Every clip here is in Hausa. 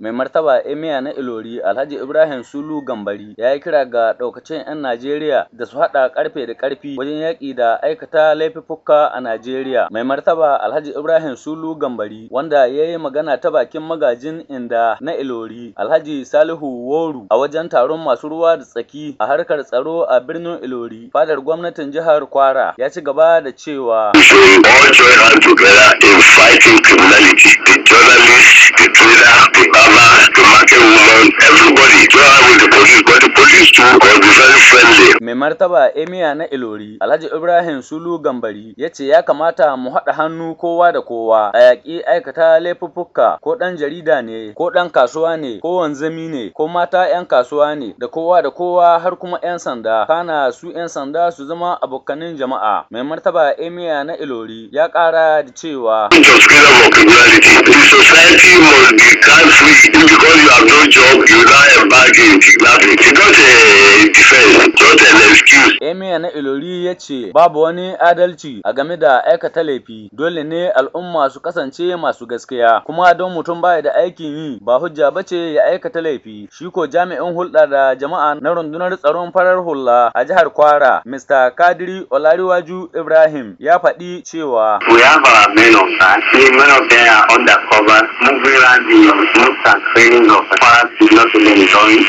Mai martaba Emiya na Ilori Alhaji Ibrahim Sulu Gambari ya yi kira ga ɗaukacin 'yan Najeriya da su haɗa karfe da karfi wajen yaƙi da aikata laifuka a Najeriya. Mai martaba Alhaji Ibrahim Sulu Gambari wanda ya yi magana ta bakin magajin inda na Ilori Alhaji Salihu Woru a wajen taron masu ruwa da tsaki a harkar tsaro a birnin Ilori fadar gwamnatin jihar Kwara ya ci gaba da cewa. police but the police too very friendly. Mai martaba Emiya na Ilori, Alhaji Ibrahim Sulu Gambari ya ce ya kamata mu haɗa hannu kowa da kowa a yaƙi aikata laifuffuka ko ɗan jarida ne ko ɗan kasuwa ne ko wanzami ne ko mata 'yan kasuwa ne da kowa da kowa har kuma 'yan sanda kana su 'yan sanda su zama abokanin jama'a. Mai martaba Emiya na Ilori ya ƙara da cewa. Society must be because job, you now embark in kidnapping. It's not a defense. Emir na Ilori ya ce babu wani adalci a game da aikata laifi, dole ne al'umma su kasance masu gaskiya, kuma don mutum baya da aikin yi ba hujja ba ce ya aikata laifi. Shi ko jami'in hulɗa da jama'a na rundunar tsaron farar hula a jihar Kwara, Mr. Kadiri Olariwaju Ibrahim ya faɗi cewa. We have our men on that. The men of are undercover, moving around the most and training of monitoring.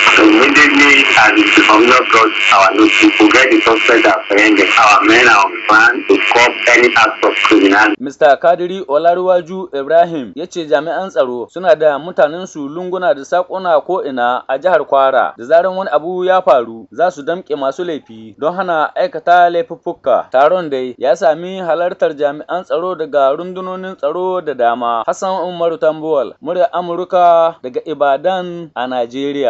Mr. Kadiri Olaruwaju Ibrahim ya ce jami'an tsaro suna da mutanensu lunguna da sakona ko ina a jihar Kwara. Da zarar wani abu ya faru za su damƙe masu laifi don hana aikata laifuffuka. Taron dai ya sami halartar jami'an tsaro daga rundunonin tsaro da dama. Hassan Umaru Tambuwal, murya Amurka daga Ibadan a Najeriya.